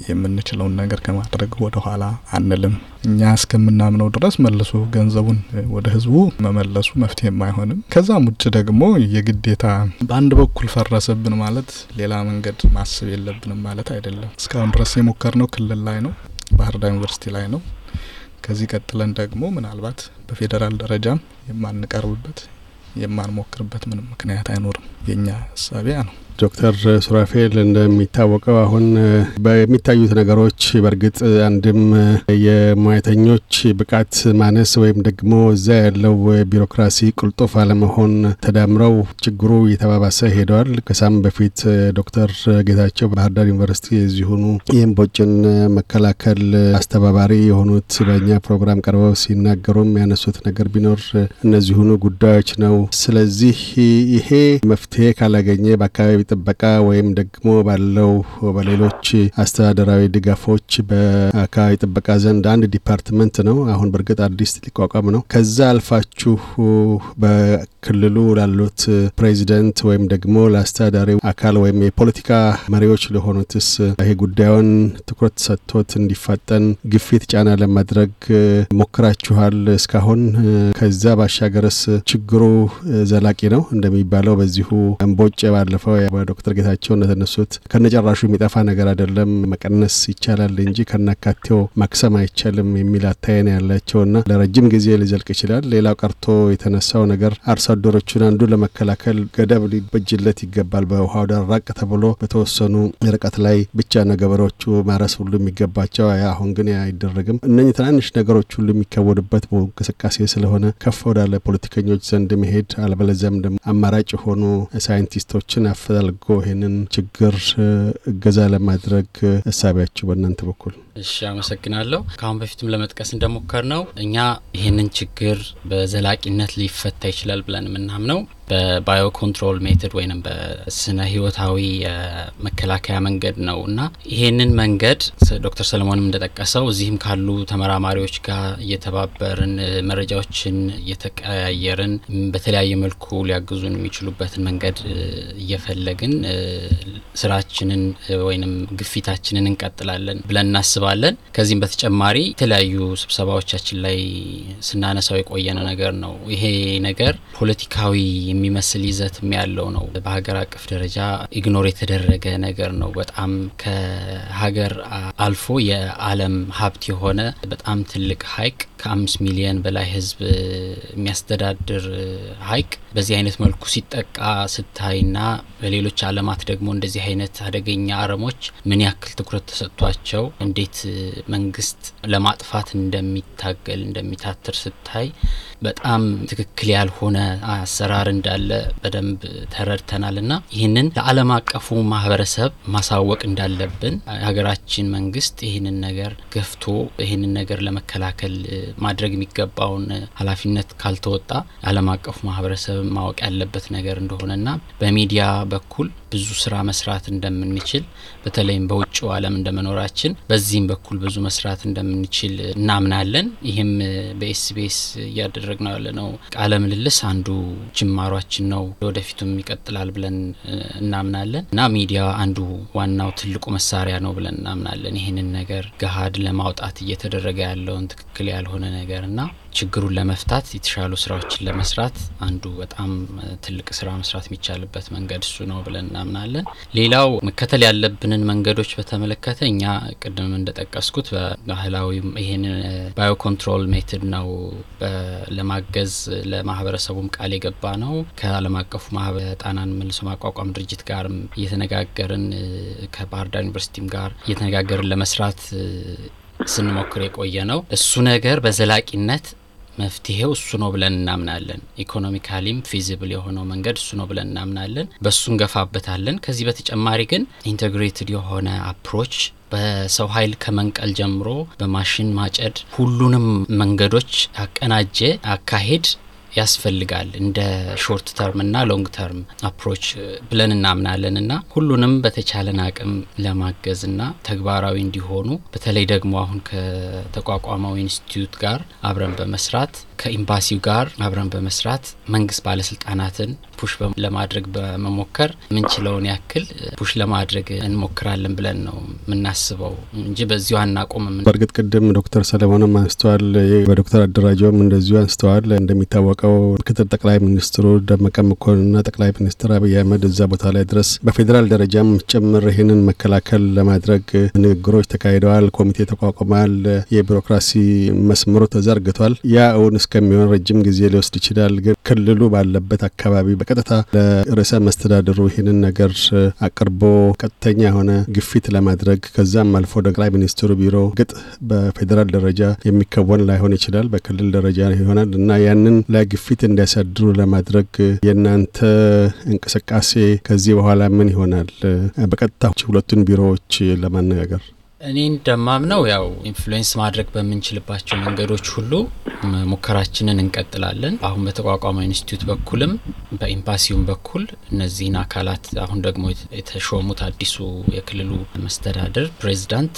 የምንችለውን ነገር ከማድረግ ወደኋላ አንልም። እኛ እስከምናምነው ድረስ መልሶ ገንዘቡን ወደ ህዝቡ መመለሱ መፍትሄም አይሆንም። ከዛም ውጭ ደግሞ የግዴታ በአንድ በኩል ፈረሰብን ማለት ሌላ መንገድ ማሰብ የለብንም ማለት አይደለም። እስካሁን ድረስ የሞከርነው ክልል ላይ ነው፣ ባህር ዳር ዩኒቨርሲቲ ላይ ነው። ከዚህ ቀጥለን ደግሞ ምናልባት በፌዴራል ደረጃም የማንቀርብበት የማንሞክርበት ምንም ምክንያት አይኖርም። የእኛ እሳቢያ ነው። ዶክተር ሱራፌል እንደሚታወቀው አሁን በሚታዩት ነገሮች በእርግጥ አንድም የሙያተኞች ብቃት ማነስ ወይም ደግሞ እዛ ያለው ቢሮክራሲ ቁልጡፍ አለመሆን ተዳምረው ችግሩ እየተባባሰ ሄደዋል። ከሳም በፊት ዶክተር ጌታቸው ባህር ዳር ዩኒቨርሲቲ የዚሁኑ የእምቦጭን መከላከል አስተባባሪ የሆኑት በእኛ ፕሮግራም ቀርበው ሲናገሩም ያነሱት ነገር ቢኖር እነዚሁኑ ጉዳዮች ነው። ስለዚህ ይሄ መፍትሄ ካላገኘ በአካባቢ ጥበቃ ወይም ደግሞ ባለው በሌሎች አስተዳደራዊ ድጋፎች በአካባቢ ጥበቃ ዘንድ አንድ ዲፓርትመንት ነው። አሁን በእርግጥ አዲስ ሊቋቋም ነው። ከዛ አልፋችሁ በክልሉ ላሉት ፕሬዚደንት ወይም ደግሞ ለአስተዳዳሪው አካል ወይም የፖለቲካ መሪዎች ለሆኑትስ ይሄ ጉዳዩን ትኩረት ሰጥቶት እንዲፋጠን ግፊት ጫና ለማድረግ ሞክራችኋል እስካሁን? ከዛ ባሻገርስ ችግሩ ዘላቂ ነው እንደሚባለው በዚሁ እምቦጭ ባለፈው ዶክተር ጌታቸው እንደተነሱት ከነጨራሹ የሚጠፋ ነገር አይደለም፣ መቀነስ ይቻላል እንጂ ከናካቴው ማክሰም አይቻልም የሚል አታየን ያላቸውና ለረጅም ጊዜ ሊዘልቅ ይችላል። ሌላው ቀርቶ የተነሳው ነገር አርሶ አደሮቹን አንዱ ለመከላከል ገደብ ሊበጅለት ይገባል። በውሃው ዳር ራቅ ተብሎ በተወሰኑ ርቀት ላይ ብቻ ነው ገበሬዎቹ ማረስ ሁሉ የሚገባቸው። አሁን ግን አይደረግም። እነኚህ ትናንሽ ነገሮች ሁሉ የሚካወዱበት እንቅስቃሴ ስለሆነ ከፍ ወዳለ ፖለቲከኞች ዘንድ መሄድ አለበለዚያም ደግሞ አማራጭ የሆኑ ሳይንቲስቶችን አፈላል ተፈልጎ ይህንን ችግር እገዛ ለማድረግ እሳቢያችሁ በእናንተ በኩል? እሺ አመሰግናለሁ። ከአሁን በፊትም ለመጥቀስ እንደሞከር ነው እኛ ይህንን ችግር በዘላቂነት ሊፈታ ይችላል ብለን የምናምነው በባዮኮንትሮል ሜትድ ወይም በስነ ህይወታዊ መከላከያ መንገድ ነው እና ይሄንን መንገድ ዶክተር ሰለሞንም እንደጠቀሰው እዚህም ካሉ ተመራማሪዎች ጋር እየተባበርን መረጃዎችን እየተቀያየርን በተለያየ መልኩ ሊያግዙን የሚችሉበትን መንገድ እየፈለግን ስራችንን ወይንም ግፊታችንን እንቀጥላለን ብለን እናስባለን። ከዚህም በተጨማሪ የተለያዩ ስብሰባዎቻችን ላይ ስናነሳው የቆየነ ነገር ነው። ይሄ ነገር ፖለቲካዊ የሚመስል ይዘትም ያለው ነው። በሀገር አቀፍ ደረጃ ኢግኖር የተደረገ ነገር ነው። በጣም ከሀገር አልፎ የዓለም ሀብት የሆነ በጣም ትልቅ ሀይቅ ከአምስት ሚሊየን በላይ ህዝብ የሚያስተዳድር ሀይቅ በዚህ አይነት መልኩ ሲጠቃ ስታይና በሌሎች አለማት ደግሞ እንደዚህ አይነት አደገኛ አረሞች ምን ያክል ትኩረት ተሰጥቷቸው እንዴት መንግስት ለማጥፋት እንደሚታገል እንደሚታትር ስታይ በጣም ትክክል ያልሆነ አሰራር እንዳለ በደንብ ተረድተናል እና ይህንን ለአለም አቀፉ ማህበረሰብ ማሳወቅ እንዳለብን የሀገራችን መንግስት ይህንን ነገር ገፍቶ ይህንን ነገር ለመከላከል ማድረግ የሚገባውን ኃላፊነት ካልተወጣ የአለም አቀፉ ማህበረሰብ ማወቅ ያለበት ነገር ና በሚዲያ በኩል ብዙ ስራ መስራት እንደምንችል በተለይም በውጭው ዓለም እንደመኖራችን በዚህም በኩል ብዙ መስራት እንደምንችል እናምናለን። ይህም በኤስቢኤስ እያደረግነው ያለነው ቃለ ምልልስ አንዱ ጅማሯችን ነው። ወደፊቱም ይቀጥላል ብለን እናምናለን እና ሚዲያ አንዱ ዋናው ትልቁ መሳሪያ ነው ብለን እናምናለን። ይህንን ነገር ገሀድ ለማውጣት እየተደረገ ያለውን ትክክል ያልሆነ ነገር እና ችግሩን ለመፍታት የተሻሉ ስራዎችን ለመስራት አንዱ በጣም ትልቅ ስራ መስራት የሚቻልበት መንገድ እሱ ነው ብለን እናምናለን። ሌላው መከተል ያለብንን መንገዶች በተመለከተ እኛ ቅድም እንደጠቀስኩት በባህላዊ ይህን ባዮኮንትሮል ሜትድ ነው ለማገዝ ለማህበረሰቡም ቃል የገባ ነው። ከዓለም አቀፉ ጣናን መልሶ ማቋቋም ድርጅት ጋር እየተነጋገርን ከባህርዳር ዩኒቨርሲቲም ጋር እየተነጋገርን ለመስራት ስንሞክር የቆየ ነው። እሱ ነገር በዘላቂነት መፍትሄው እሱ ነው ብለን እናምናለን። ኢኮኖሚካሊም ፊዚብል የሆነው መንገድ እሱ ነው ብለን እናምናለን። በሱ እንገፋበታለን። ከዚህ በተጨማሪ ግን ኢንቴግሬትድ የሆነ አፕሮች በሰው ኃይል ከመንቀል ጀምሮ በማሽን ማጨድ ሁሉንም መንገዶች አቀናጀ አካሄድ ያስፈልጋል እንደ ሾርት ተርም እና ሎንግ ተርም አፕሮች ብለን እናምናለን እና ሁሉንም በተቻለን አቅም ለማገዝ እና ተግባራዊ እንዲሆኑ በተለይ ደግሞ አሁን ከተቋቋመው ኢንስቲትዩት ጋር አብረን በመስራት ከኤምባሲው ጋር አብረን በመስራት መንግስት ባለስልጣናትን ፑሽ ለማድረግ በመሞከር ምንችለውን ያክል ፑሽ ለማድረግ እንሞክራለን ብለን ነው የምናስበው እንጂ በዚሁ አናቆምም። በእርግጥ ቅድም ዶክተር ሰለሞንም አንስተዋል፣ በዶክተር አደራጀውም እንደዚሁ አንስተዋል። እንደሚታወቀው ምክትል ጠቅላይ ሚኒስትሩ ደመቀ መኮንንና ጠቅላይ ሚኒስትር አብይ አህመድ እዛ ቦታ ላይ ድረስ በፌዴራል ደረጃም ጭምር ይህንን መከላከል ለማድረግ ንግግሮች ተካሂደዋል። ኮሚቴ ተቋቁሟል። የቢሮክራሲ መስመሩ ተዘርግቷል። ያ እውን እስከሚሆን ረጅም ጊዜ ሊወስድ ይችላል። ግን ክልሉ ባለበት አካባቢ በቀጥታ ለርዕሰ መስተዳድሩ ይህንን ነገር አቅርቦ ቀጥተኛ የሆነ ግፊት ለማድረግ ከዛም አልፎ ጠቅላይ ሚኒስትሩ ቢሮ ግጥ በፌዴራል ደረጃ የሚከወን ላይሆን ይችላል፣ በክልል ደረጃ ይሆናል እና ያንን ላይ ግፊት እንዲያሳድሩ ለማድረግ የእናንተ እንቅስቃሴ ከዚህ በኋላ ምን ይሆናል? በቀጥታ ሁለቱን ቢሮዎች ለማነጋገር እኔ እንደማምነው ያው ኢንፍሉዌንስ ማድረግ በምንችልባቸው መንገዶች ሁሉ ሙከራችንን እንቀጥላለን። አሁን በተቋቋመው ኢንስቲትዩት በኩልም በኤምባሲውም በኩል እነዚህን አካላት አሁን ደግሞ የተሾሙት አዲሱ የክልሉ መስተዳደር ፕሬዚዳንት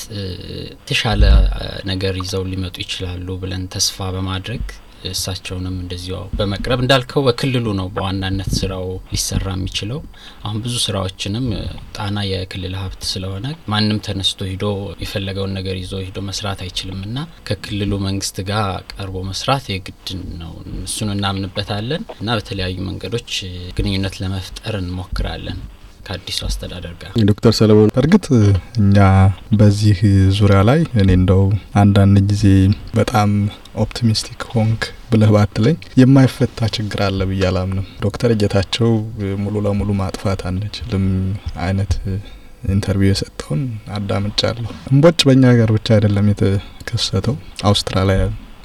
የተሻለ ነገር ይዘው ሊመጡ ይችላሉ ብለን ተስፋ በማድረግ እሳቸውንም እንደዚሁ በመቅረብ እንዳልከው በክልሉ ነው በዋናነት ስራው ሊሰራ የሚችለው። አሁን ብዙ ስራዎችንም ጣና የክልል ሀብት ስለሆነ ማንም ተነስቶ ሂዶ የፈለገውን ነገር ይዞ ሂዶ መስራት አይችልም እና ከክልሉ መንግስት ጋር ቀርቦ መስራት የግድ ነው። እሱን እናምንበታለን እና በተለያዩ መንገዶች ግንኙነት ለመፍጠር እንሞክራለን። ከአዲሱ አስተዳደር ጋር ዶክተር ሰለሞን እርግጥ እኛ በዚህ ዙሪያ ላይ እኔ እንደው አንዳንድ ጊዜ በጣም ኦፕቲሚስቲክ ሆንክ ብለህ ባትለኝ የማይፈታ ችግር አለ ብዬ አላምንም። ዶክተር እጀታቸው ሙሉ ለሙሉ ማጥፋት አንችልም አይነት ኢንተርቪው የሰጠውን አዳምጫለሁ። እንቦጭ በእኛ ሀገር ብቻ አይደለም የተከሰተው፣ አውስትራሊያ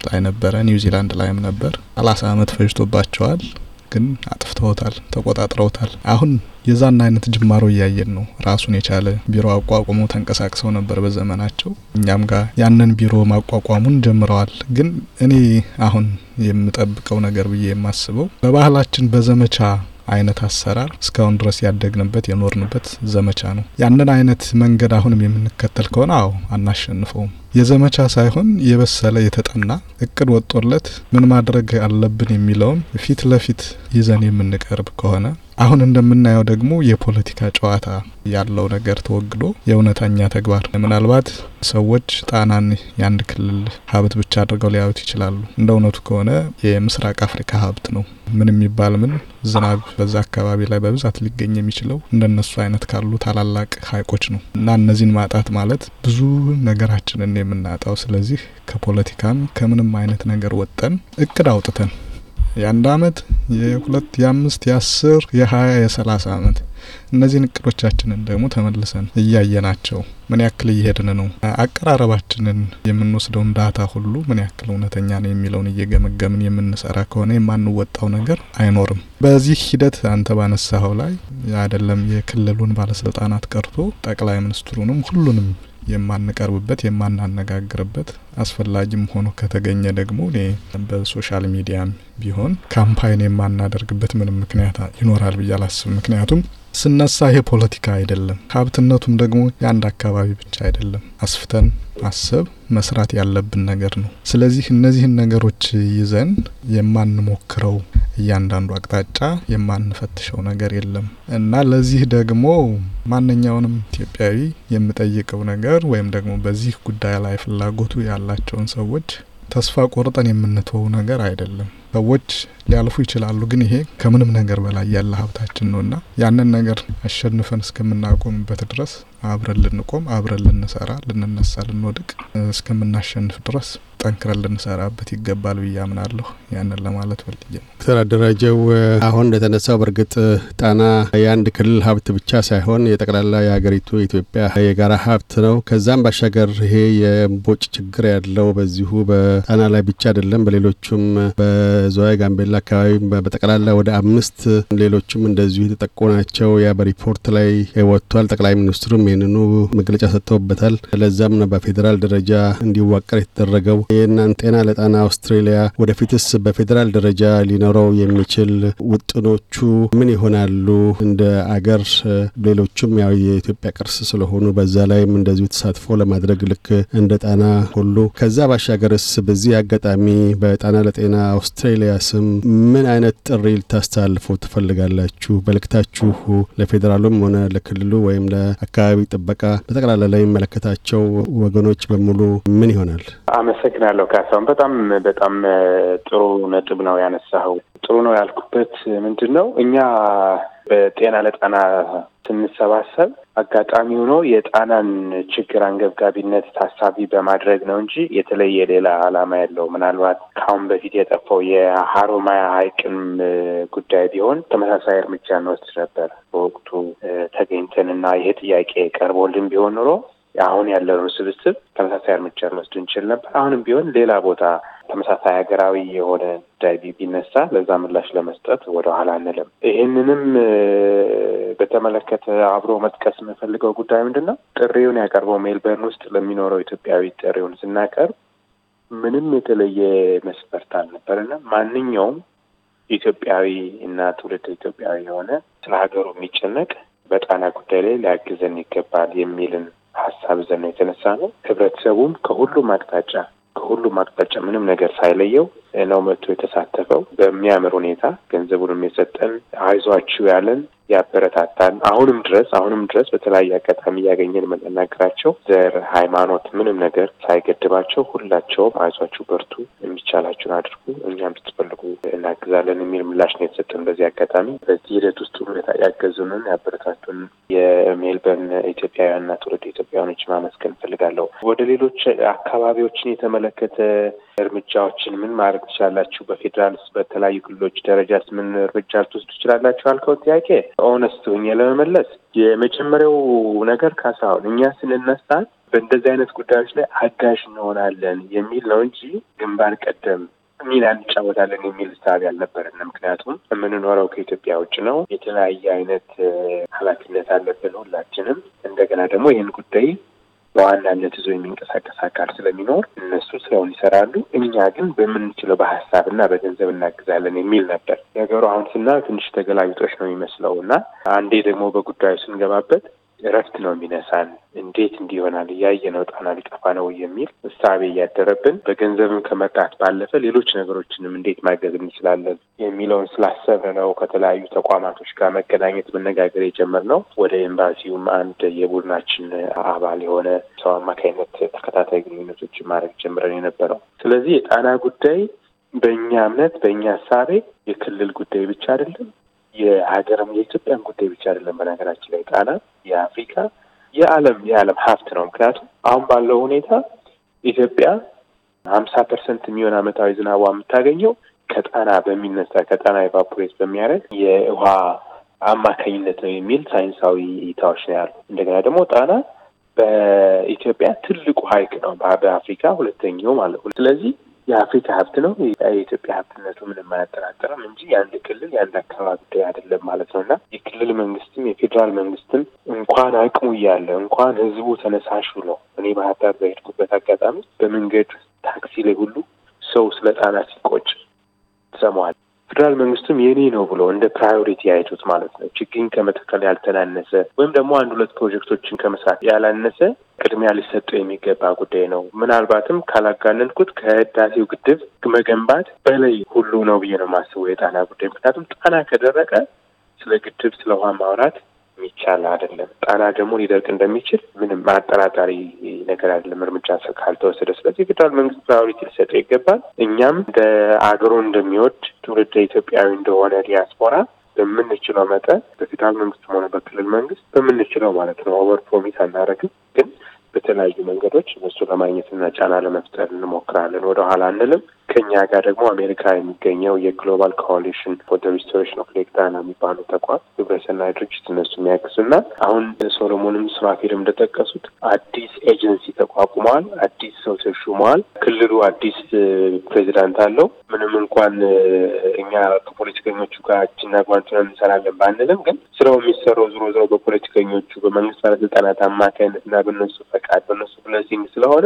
ላይ ነበረ፣ ኒውዚላንድ ላይም ነበር። ሰላሳ አመት ፈጅቶባቸዋል፣ ግን አጥፍተውታል፣ ተቆጣጥረውታል። አሁን የዛን አይነት ጅማሮ እያየን ነው። ራሱን የቻለ ቢሮ አቋቁመው ተንቀሳቅሰው ነበር በዘመናቸው። እኛም ጋር ያንን ቢሮ ማቋቋሙን ጀምረዋል። ግን እኔ አሁን የምጠብቀው ነገር ብዬ የማስበው በባህላችን በዘመቻ አይነት አሰራር እስካሁን ድረስ ያደግንበት የኖርንበት ዘመቻ ነው። ያንን አይነት መንገድ አሁንም የምንከተል ከሆነ አዎ አናሸንፈውም። የዘመቻ ሳይሆን የበሰለ የተጠና እቅድ ወጦለት ምን ማድረግ አለብን የሚለውን ፊት ለፊት ይዘን የምንቀርብ ከሆነ አሁን እንደምናየው ደግሞ የፖለቲካ ጨዋታ ያለው ነገር ተወግዶ የእውነተኛ ተግባር ምናልባት ሰዎች ጣናን የአንድ ክልል ሀብት ብቻ አድርገው ሊያዩት ይችላሉ። እንደ እውነቱ ከሆነ የምስራቅ አፍሪካ ሀብት ነው። ምን የሚባል ምን ዝናብ በዛ አካባቢ ላይ በብዛት ሊገኝ የሚችለው እንደነሱ አይነት ካሉ ታላላቅ ሀይቆች ነው እና እነዚህን ማጣት ማለት ብዙ ነገራችንን የምናጣው። ስለዚህ ከፖለቲካም ከምንም አይነት ነገር ወጠን እቅድ አውጥተን የአንድ አመት የሁለት የአምስት የአስር የሀያ የሰላሳ አመት እነዚህን እቅዶቻችንን ደግሞ ተመልሰን እያየናቸው ምን ያክል እየሄድን ነው፣ አቀራረባችንን የምንወስደውን ዳታ ሁሉ ምን ያክል እውነተኛ ነው የሚለውን እየገመገምን የምንሰራ ከሆነ የማንወጣው ነገር አይኖርም። በዚህ ሂደት አንተ ባነሳኸው ላይ አይደለም የክልሉን ባለስልጣናት ቀርቶ ጠቅላይ ሚኒስትሩንም ሁሉንም የማንቀርብበት የማናነጋግርበት አስፈላጊም ሆኖ ከተገኘ ደግሞ እኔ በሶሻል ሚዲያም ቢሆን ካምፓይን የማናደርግበት ምንም ምክንያት ይኖራል ብዬ አላስብ። ምክንያቱም ስነሳ ይሄ ፖለቲካ አይደለም። ሀብትነቱም ደግሞ የአንድ አካባቢ ብቻ አይደለም። አስፍተን ማሰብ መስራት ያለብን ነገር ነው። ስለዚህ እነዚህን ነገሮች ይዘን የማንሞክረው እያንዳንዱ አቅጣጫ የማንፈትሸው ነገር የለም እና ለዚህ ደግሞ ማንኛውንም ኢትዮጵያዊ የምጠይቀው ነገር ወይም ደግሞ በዚህ ጉዳይ ላይ ፍላጎቱ ያላቸውን ሰዎች ተስፋ ቆርጠን የምንተወው ነገር አይደለም። ሰዎች ሊያልፉ ይችላሉ፣ ግን ይሄ ከምንም ነገር በላይ ያለ ሀብታችን ነው እና ያንን ነገር አሸንፈን እስከምናቆምበት ድረስ አብረን ልንቆም፣ አብረን ልንሰራ፣ ልንነሳ፣ ልንወድቅ እስከምናሸንፍ ድረስ ጠንክረን ልንሰራበት ይገባል ብዬ አምናለሁ። ያንን ለማለት ፈልጌ ነው። ዶክተር አደራጀው አሁን እንደተነሳው በእርግጥ ጣና የአንድ ክልል ሀብት ብቻ ሳይሆን የጠቅላላ የሀገሪቱ የኢትዮጵያ የጋራ ሀብት ነው። ከዛም ባሻገር ይሄ የእምቦጭ ችግር ያለው በዚሁ በጣና ላይ ብቻ አይደለም፣ በሌሎቹም በዝዋይ ጋምቤላ አካባቢ በጠቅላላ ወደ አምስት ሌሎችም እንደዚሁ የተጠቁ ናቸው። ያ በሪፖርት ላይ ወጥቷል። ጠቅላይ ሚኒስትሩም ይህንኑ መግለጫ ሰጥተውበታል። ለዛም ነው በፌዴራል ደረጃ እንዲዋቀር የተደረገው። ይህናን ጤና ለጣና አውስትሬሊያ ወደፊትስ በፌዴራል ደረጃ ሊኖረው የሚችል ውጥኖቹ ምን ይሆናሉ? እንደ አገር ሌሎቹም ያው የኢትዮጵያ ቅርስ ስለሆኑ በዛ ላይም እንደዚሁ ተሳትፎ ለማድረግ ልክ እንደ ጣና ሁሉ ከዛ ባሻገርስ በዚህ አጋጣሚ በጣና ለጤና አውስትሬ ኤልያስም ምን አይነት ጥሪ ልታስተላልፉ ትፈልጋላችሁ? መልእክታችሁ ለፌዴራሉም ሆነ ለክልሉ ወይም ለአካባቢ ጥበቃ በጠቅላላ ለሚመለከታቸው ወገኖች በሙሉ ምን ይሆናል? አመሰግናለሁ ካሳሁን። በጣም በጣም ጥሩ ነጥብ ነው ያነሳኸው። ጥሩ ነው ያልኩበት ምንድን ነው እኛ በጤና ለጣና ስንሰባሰብ አጋጣሚ ሆኖ የጣናን ችግር አንገብጋቢነት ታሳቢ በማድረግ ነው እንጂ የተለየ ሌላ ዓላማ ያለው ምናልባት ከአሁን በፊት የጠፋው የሀሮማያ ሐይቅም ጉዳይ ቢሆን ተመሳሳይ እርምጃ እንወስድ ነበር። በወቅቱ ተገኝተን እና ይሄ ጥያቄ ቀርቦልን ቢሆን ኑሮ አሁን ያለውን ስብስብ ተመሳሳይ እርምጃ ልንወስድ እንችል ነበር። አሁንም ቢሆን ሌላ ቦታ ተመሳሳይ ሀገራዊ የሆነ ጉዳይ ቢነሳ ለዛ ምላሽ ለመስጠት ወደ ኋላ አንልም። ይህንንም በተመለከተ አብሮ መጥቀስ የምፈልገው ጉዳይ ምንድን ነው? ጥሪውን ያቀርበው ሜልበርን ውስጥ ለሚኖረው ኢትዮጵያዊ ጥሪውን ስናቀርብ ምንም የተለየ መስፈርት አልነበረና ማንኛውም ኢትዮጵያዊ እና ትውልድ ኢትዮጵያዊ የሆነ ስለ ሀገሩ የሚጨነቅ በጣና ጉዳይ ላይ ሊያግዘን ይገባል የሚልን ሀሳብ ይዘን ነው የተነሳ ነው። ህብረተሰቡም ከሁሉም አቅጣጫ ከሁሉም አቅጣጫ ምንም ነገር ሳይለየው ነው መጥቶ የተሳተፈው። በሚያምር ሁኔታ ገንዘቡንም የሰጠን አይዟችሁ ያለን ያበረታታል። አሁንም ድረስ አሁንም ድረስ በተለያየ አጋጣሚ እያገኘን የምንናገራቸው ዘር፣ ሃይማኖት፣ ምንም ነገር ሳይገድባቸው ሁላቸውም አይዟችሁ፣ በርቱ፣ የሚቻላችሁን አድርጉ፣ እኛም ስትፈልጉ እናግዛለን የሚል ምላሽ ነው የተሰጠን። በዚህ አጋጣሚ በዚህ ሂደት ውስጥ ሁኔታ ያገዙንን ያበረታቱን የሜልበርን ኢትዮጵያውያንና ትውልድ ኢትዮጵያውያኖች ማመስገን እንፈልጋለሁ። ወደ ሌሎች አካባቢዎችን የተመለከተ እርምጃዎችን ምን ማድረግ ትችላላችሁ? በፌዴራልስ በተለያዩ ክልሎች ደረጃስ ምን እርምጃ ልትወስዱ ትችላላችሁ? አልከው ጥያቄ ኦነስት ሆኜ ለመመለስ የመጀመሪያው ነገር ካሳሁን እኛ ስንነሳ በእንደዚህ አይነት ጉዳዮች ላይ አጋዥ እንሆናለን የሚል ነው እንጂ ግንባር ቀደም ሚና እንጫወታለን የሚል ሳቢ አልነበረን። ምክንያቱም የምንኖረው ከኢትዮጵያ ውጭ ነው። የተለያየ አይነት ኃላፊነት አለብን ሁላችንም። እንደገና ደግሞ ይህን ጉዳይ በዋናነት ይዞ የሚንቀሳቀስ አካል ስለሚኖር እነሱ ስራውን ይሰራሉ፣ እኛ ግን በምንችለው በሀሳብ ና በገንዘብ እናግዛለን የሚል ነበር ነገሩ። አሁን ስናየው ትንሽ ተገላቢጦች ነው የሚመስለው እና አንዴ ደግሞ በጉዳዩ ስንገባበት እረፍት ነው የሚነሳን። እንዴት እንዲሆናል እያየ ነው ጣና ሊጠፋ ነው የሚል እሳቤ እያደረብን በገንዘብም ከመርዳት ባለፈ ሌሎች ነገሮችንም እንዴት ማገዝ እንችላለን የሚለውን ስላሰብን ነው ከተለያዩ ተቋማቶች ጋር መገናኘት መነጋገር የጀመርነው። ወደ ኤምባሲውም አንድ የቡድናችን አባል የሆነ ሰው አማካኝነት ተከታታይ ግንኙነቶች ማድረግ ጀምረን የነበረው። ስለዚህ የጣና ጉዳይ በእኛ እምነት በእኛ እሳቤ የክልል ጉዳይ ብቻ አይደለም የሀገርም የኢትዮጵያን ጉዳይ ብቻ አይደለም። በነገራችን ላይ ጣና የአፍሪካ የዓለም የዓለም ሀብት ነው። ምክንያቱም አሁን ባለው ሁኔታ ኢትዮጵያ ሀምሳ ፐርሰንት የሚሆን አመታዊ ዝናቧ የምታገኘው ከጣና በሚነሳ ከጣና ኤቫፖሬት በሚያደርግ የውሃ አማካኝነት ነው የሚል ሳይንሳዊ እይታዎች ነው ያሉ። እንደገና ደግሞ ጣና በኢትዮጵያ ትልቁ ሀይቅ ነው፣ በአፍሪካ ሁለተኛው ማለት ነው። ስለዚህ የአፍሪካ ሀብት ነው። የኢትዮጵያ ሀብትነቱ ምንም አያጠራጠርም እንጂ የአንድ ክልል የአንድ አካባቢ ጉዳይ አይደለም ማለት ነው እና የክልል መንግስትም የፌዴራል መንግስትም እንኳን አቅሙ እያለ እንኳን ህዝቡ ተነሳሹ ነው። እኔ ባህር ዳር በሄድኩበት አጋጣሚ በመንገድ ታክሲ ላይ ሁሉ ሰው ስለ ጣና ሲቆጭ ሰማዋል። ፌዴራል መንግስቱም የኔ ነው ብሎ እንደ ፕራዮሪቲ አይቶት ማለት ነው። ችግኝ ከመተከል ያልተናነሰ ወይም ደግሞ አንድ ሁለት ፕሮጀክቶችን ከመስራት ያላነሰ ቅድሚያ ሊሰጠው የሚገባ ጉዳይ ነው። ምናልባትም ካላጋነንኩት ከህዳሴው ግድብ መገንባት በላይ ሁሉ ነው ብዬ ነው የማስበው የጣና ጉዳይ። ምክንያቱም ጣና ከደረቀ ስለ ግድብ ስለ ውሃ ማውራት የሚቻል አይደለም። ጣና ደግሞ ሊደርቅ እንደሚችል ምንም አጠራጣሪ ነገር አይደለም እርምጃ ካልተወሰደ። ስለዚህ ፌደራል መንግስት ፕራዮሪቲ ሊሰጠው ይገባል። እኛም እንደ አገሩ እንደሚወድ ትውልድ ኢትዮጵያዊ እንደሆነ ዲያስፖራ በምንችለው መጠን በፌዴራል መንግስትም ሆነ በክልል መንግስት በምንችለው ማለት ነው ኦቨር ፕሮሚስ አናደርግም ግን በተለያዩ መንገዶች እነሱ ለማግኘትና ጫና ለመፍጠር እንሞክራለን። ወደኋላ አንልም። ከኛ ጋር ደግሞ አሜሪካ የሚገኘው የግሎባል ኮሊሽን ፎር ዘ ሪስቶሬሽን ኦፍ ሌክ ዳና የሚባሉ ተቋም ግብረሰናይ ድርጅት እነሱ የሚያግዙና አሁን ሶሎሞንም ሱራፌልም እንደጠቀሱት አዲስ ኤጀንሲ ተቋቁመዋል። አዲስ ሰው ተሹመዋል። ክልሉ አዲስ ፕሬዚዳንት አለው። ምንም እንኳን እኛ ከፖለቲከኞቹ ጋር እጅና እንሰራለን ባንልም፣ ግን ስራው የሚሰራው ዞሮ ዞሮ በፖለቲከኞቹ በመንግስት ባለስልጣናት እና በነሱ ፈቃድ በነሱ ብለሲንግ ስለሆነ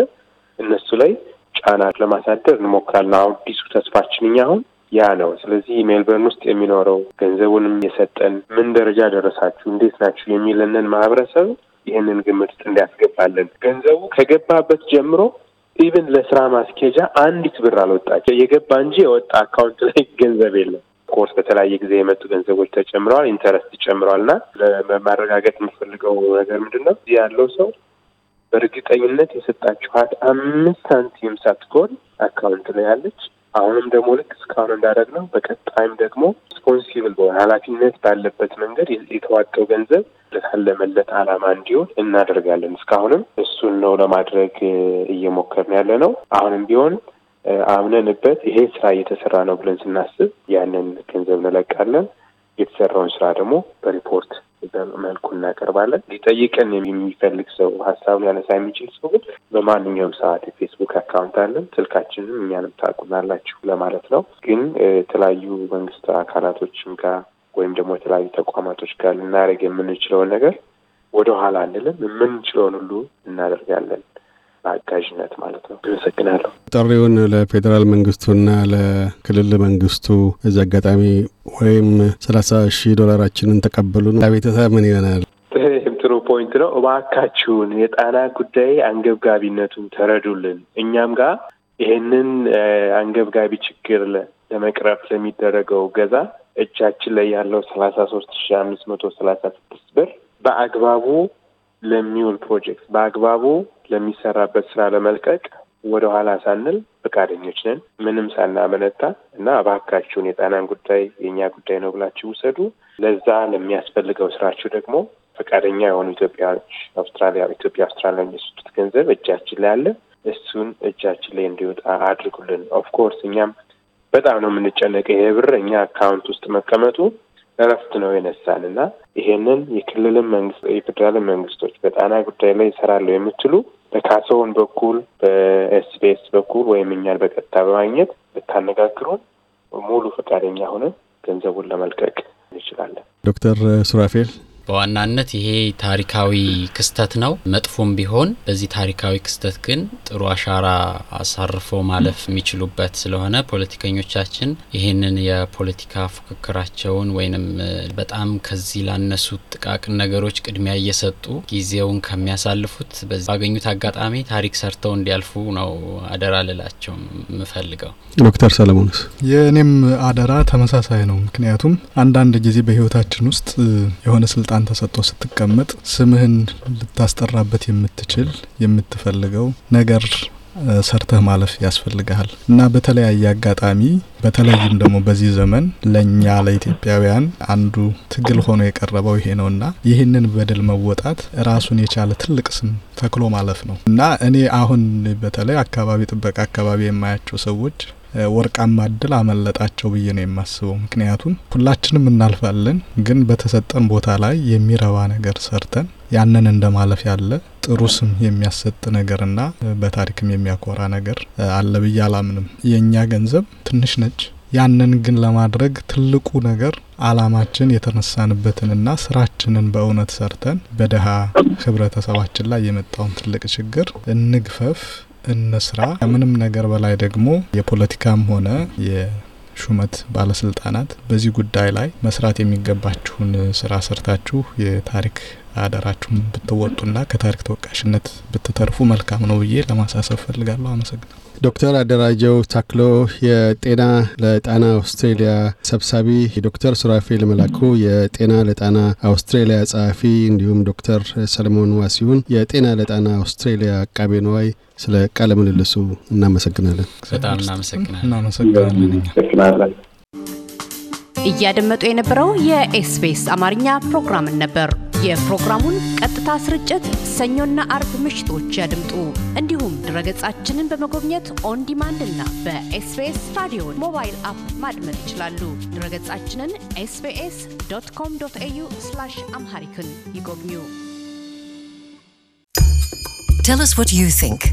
እነሱ ላይ ጫና ለማሳደር እንሞክራለን። አዲሱ ተስፋችን እኛ አሁን ያ ነው። ስለዚህ ሜልበርን ውስጥ የሚኖረው ገንዘቡንም የሰጠን ምን ደረጃ ደረሳችሁ፣ እንዴት ናችሁ የሚለንን ማህበረሰብ ይህንን ግምት ውስጥ እንዲያስገባለን። ገንዘቡ ከገባበት ጀምሮ ኢብን ለስራ ማስኬጃ አንዲት ብር አልወጣች የገባ እንጂ የወጣ አካውንት ላይ ገንዘብ የለም። ኮርስ በተለያየ ጊዜ የመጡ ገንዘቦች ተጨምረዋል፣ ኢንተረስት ጨምረዋል እና ለማረጋገጥ የምፈልገው ነገር ምንድን ነው ያለው ሰው በእርግጠኝነት የሰጣችኋት አምስት ሳንቲም ሳትጎል አካውንት ላይ ያለች። አሁንም ደግሞ ልክ እስካሁን እንዳደረግነው በቀጣይም ደግሞ ሪስፖንሲብል በሆነ ኃላፊነት ባለበት መንገድ የተዋጣው ገንዘብ ለታለመለት ዓላማ እንዲሆን እናደርጋለን። እስካሁንም እሱን ነው ለማድረግ እየሞከርን ያለ ነው። አሁንም ቢሆን አምነንበት ይሄ ስራ እየተሰራ ነው ብለን ስናስብ ያንን ገንዘብ እንለቃለን። የተሰራውን ስራ ደግሞ በሪፖርት መልኩ እናቀርባለን። ሊጠይቀን የሚፈልግ ሰው ሀሳብ ሊያነሳ የሚችል ሰው ግን በማንኛውም ሰዓት የፌስቡክ አካውንት አለን፣ ስልካችንም እኛንም ታቁናላችሁ ለማለት ነው። ግን የተለያዩ መንግስት አካላቶችም ጋር ወይም ደግሞ የተለያዩ ተቋማቶች ጋር ልናደርግ የምንችለውን ነገር ወደኋላ አንልም። የምንችለውን ሁሉ እናደርጋለን። አጋዥነት ማለት ነው። አመሰግናለሁ። ጥሪውን ለፌዴራል መንግስቱና ለክልል መንግስቱ እዚህ አጋጣሚ ወይም ሰላሳ ሺህ ዶላራችንን ተቀበሉን ቤተሰብ ምን ይለናል? ጥሩ ፖይንት ነው። እባካችሁን የጣና ጉዳይ አንገብጋቢነቱን ተረዱልን። እኛም ጋር ይህንን አንገብጋቢ ችግር ለመቅረፍ ለሚደረገው ገዛ እጃችን ላይ ያለው ሰላሳ ሶስት ሺ አምስት መቶ ሰላሳ ስድስት ብር በአግባቡ ለሚውል ፕሮጀክት በአግባቡ ለሚሰራበት ስራ ለመልቀቅ ወደ ኋላ ሳንል ፈቃደኞች ነን፣ ምንም ሳናመነታ እና እባካችሁን የጣናን ጉዳይ የእኛ ጉዳይ ነው ብላችሁ ውሰዱ። ለዛ ለሚያስፈልገው ስራችሁ ደግሞ ፈቃደኛ የሆኑ ኢትዮጵያዎች አውስትራሊያ ኢትዮጵያ አውስትራሊያ የሚሰጡት ገንዘብ እጃችን ላይ አለ። እሱን እጃችን ላይ እንዲወጣ አድርጉልን። ኦፍኮርስ እኛም በጣም ነው የምንጨነቀ ይሄ ብር እኛ አካውንት ውስጥ መቀመጡ እረፍት ነው የነሳን እና ይሄንን የክልልን መንግስት የፌዴራልን መንግስቶች በጣና ጉዳይ ላይ ይሰራሉ የምትሉ በካሰውን በኩል በኤስቢኤስ በኩል ወይም እኛን በቀጥታ በማግኘት ልታነጋግሩን ሙሉ ፈቃደኛ ሆነን ገንዘቡን ለመልቀቅ እንችላለን። ዶክተር ሱራፌል በዋናነት ይሄ ታሪካዊ ክስተት ነው። መጥፎም ቢሆን በዚህ ታሪካዊ ክስተት ግን ጥሩ አሻራ አሳርፎ ማለፍ የሚችሉበት ስለሆነ ፖለቲከኞቻችን ይህንን የፖለቲካ ፉክክራቸውን ወይንም በጣም ከዚህ ላነሱት ጥቃቅን ነገሮች ቅድሚያ እየሰጡ ጊዜውን ከሚያሳልፉት ባገኙት አጋጣሚ ታሪክ ሰርተው እንዲያልፉ ነው አደራ ልላቸው የምፈልገው። ዶክተር ሰለሞንስ የእኔም አደራ ተመሳሳይ ነው። ምክንያቱም አንዳንድ ጊዜ በህይወታችን ውስጥ የሆነ ስልጣን ስልጣን ተሰጥቶ ስትቀመጥ ስምህን ልታስጠራበት የምትችል የምትፈልገው ነገር ሰርተህ ማለፍ ያስፈልግሃል እና በተለያየ አጋጣሚ በተለይም ደግሞ በዚህ ዘመን ለእኛ ለኢትዮጵያውያን አንዱ ትግል ሆኖ የቀረበው ይሄ ነው እና ይህንን በድል መወጣት ራሱን የቻለ ትልቅ ስም ተክሎ ማለፍ ነው እና እኔ አሁን በተለይ አካባቢ ጥበቃ አካባቢ የማያቸው ሰዎች ወርቃማ እድል አመለጣቸው ብዬ ነው የማስበው። ምክንያቱም ሁላችንም እናልፋለን፣ ግን በተሰጠን ቦታ ላይ የሚረባ ነገር ሰርተን ያንን እንደማለፍ ያለ ጥሩ ስም የሚያሰጥ ነገርና በታሪክም የሚያኮራ ነገር አለ ብዬ አላምንም። የእኛ ገንዘብ ትንሽ ነች። ያንን ግን ለማድረግ ትልቁ ነገር አላማችን የተነሳንበትንና ስራችንን በእውነት ሰርተን በደሃ ህብረተሰባችን ላይ የመጣውን ትልቅ ችግር እንግፈፍ እንስራ። ከምንም ነገር በላይ ደግሞ የፖለቲካም ሆነ ሹመት ባለስልጣናት በዚህ ጉዳይ ላይ መስራት የሚገባችሁን ስራ ሰርታችሁ የታሪክ አደራችሁን ብትወጡና ከታሪክ ተወቃሽነት ብትተርፉ መልካም ነው ብዬ ለማሳሰብ ፈልጋለሁ። አመሰግናለሁ። ዶክተር አደራጀው ታክሎ የጤና ለጣና አውስትሬሊያ ሰብሳቢ፣ ዶክተር ሱራፌል መላኩ የጤና ለጣና አውስትሬሊያ ጸሐፊ፣ እንዲሁም ዶክተር ሰለሞን ዋሲሁን የጤና ለጣና አውስትሬሊያ አቃቤ ነዋይ ስለ ቃለ ምልልሱ እናመሰግናለን። በጣም እናመሰግናለን። እያደመጡ የነበረው የኤስቢኤስ አማርኛ ፕሮግራምን ነበር። የፕሮግራሙን ቀጥታ ስርጭት ሰኞና አርብ ምሽቶች ያድምጡ። እንዲሁም ድረገጻችንን በመጎብኘት ኦን ዲማንድ እና በኤስቢኤስ ራዲዮ ሞባይል አፕ ማድመጥ ይችላሉ። ድረገጻችንን ኤስቢኤስ ዶት ኮም ዶት ኤዩ አምሃሪክን ይጎብኙ። ቴል አስ ዋት ዩ ቲንክ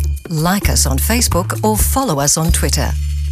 ላይክ አስ ኦን ፌስቡክ ኦር ፎሎው አስ ኦን ትዊተር